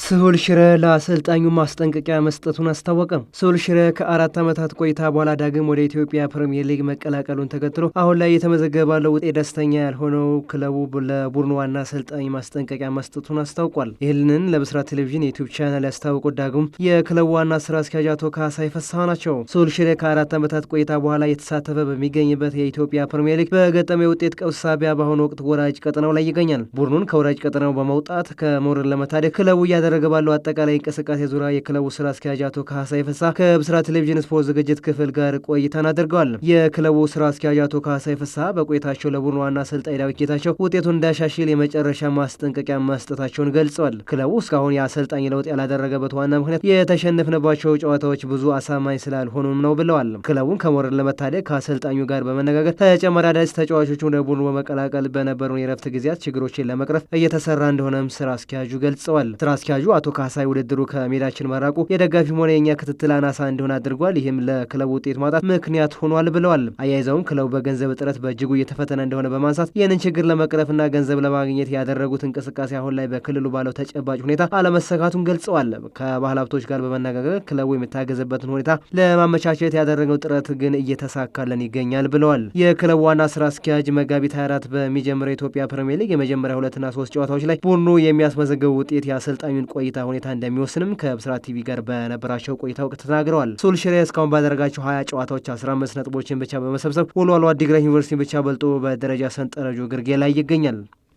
ስሁል ሽረ ለአሰልጣኙ ማስጠንቀቂያ መስጠቱን አስታወቀም። ስሁል ሽረ ከአራት ዓመታት ቆይታ በኋላ ዳግም ወደ ኢትዮጵያ ፕሪምየር ሊግ መቀላቀሉን ተከትሎ አሁን ላይ የተመዘገበ ባለው ውጤት ደስተኛ ያልሆነው ክለቡ ለቡድኑ ዋና አሰልጣኝ ማስጠንቀቂያ መስጠቱን አስታውቋል። ይህንን ለብስራት ቴሌቪዥን የዩቲዩብ ቻናል ያስታወቁት ዳግም የክለቡ ዋና ስራ አስኪያጅ አቶ ካሳይ ፈሳሐ ናቸው። ስሁል ሽረ ከአራት ዓመታት ቆይታ በኋላ የተሳተፈ በሚገኝበት የኢትዮጵያ ፕሪምየር ሊግ በገጠመ የውጤት ቀውስ ሳቢያ በአሁኑ ወቅት ወራጅ ቀጠናው ላይ ይገኛል። ቡድኑን ከወራጅ ቀጠናው በመውጣት ከመውረድ ለመታደግ ክለቡ እያደረገ ባለው አጠቃላይ እንቅስቃሴ ዙሪያ የክለቡ ስራ አስኪያጅ አቶ ካህሳይ ፈሳ ከብስራት ቴሌቪዥን ስፖርት ዝግጅት ክፍል ጋር ቆይታን አድርገዋል። የክለቡ ስራ አስኪያጅ አቶ ካህሳይ ፈሳ በቆይታቸው ለቡድኑ ዋና አሰልጣኝ ዳዊት ጌታቸው ውጤቱን እንዳሻሽል የመጨረሻ ማስጠንቀቂያ መስጠታቸውን ገልጸዋል። ክለቡ እስካሁን የአሰልጣኝ ለውጥ ያላደረገበት ዋና ምክንያት የተሸነፍንባቸው ጨዋታዎች ብዙ አሳማኝ ስላልሆኑም ነው ብለዋል። ክለቡን ከሞረድ ለመታደግ ከአሰልጣኙ ጋር በመነጋገር ተጨማሪ አዳዲስ ተጫዋቾቹን ለቡድኑ በመቀላቀል በነበሩን የረፍት ጊዜያት ችግሮችን ለመቅረፍ እየተሰራ እንደሆነም ስራ አስኪያጁ ገልጸዋል። አስኪያጁ አቶ ካሳይ ውድድሩ ከሜዳችን መራቁ የደጋፊም ሆነ የእኛ ክትትል አናሳ እንዲሆን አድርጓል። ይህም ለክለቡ ውጤት ማጣት ምክንያት ሆኗል ብለዋል። አያይዘውም ክለቡ በገንዘብ እጥረት በእጅጉ እየተፈተነ እንደሆነ በማንሳት ይህንን ችግር ለመቅረፍና ገንዘብ ለማግኘት ያደረጉት እንቅስቃሴ አሁን ላይ በክልሉ ባለው ተጨባጭ ሁኔታ አለመሰካቱን ገልጸዋል። ከባህል ሀብቶች ጋር በመነጋገር ክለቡ የሚታገዝበትን ሁኔታ ለማመቻቸት ያደረገው ጥረት ግን እየተሳካለን ይገኛል ብለዋል። የክለቡ ዋና ስራ አስኪያጅ መጋቢት 24 በሚጀምረው የኢትዮጵያ ፕሪምየር ሊግ የመጀመሪያ ሁለትና ሶስት ጨዋታዎች ላይ ቡድኑ የሚያስመዘግበው ውጤት የአሰልጣኙ የአካዳሚውን ቆይታ ሁኔታ እንደሚወስንም ከብስራት ቲቪ ጋር በነበራቸው ቆይታ ወቅት ተናግረዋል። ሶልሽሬ እስካሁን ባደረጋቸው ሀያ ጨዋታዎች አስራ አምስት ነጥቦችን ብቻ በመሰብሰብ ወልዋሎ ዓዲግራት ዩኒቨርሲቲን ብቻ በልጦ በደረጃ ሰንጠረዡ ግርጌ ላይ ይገኛል።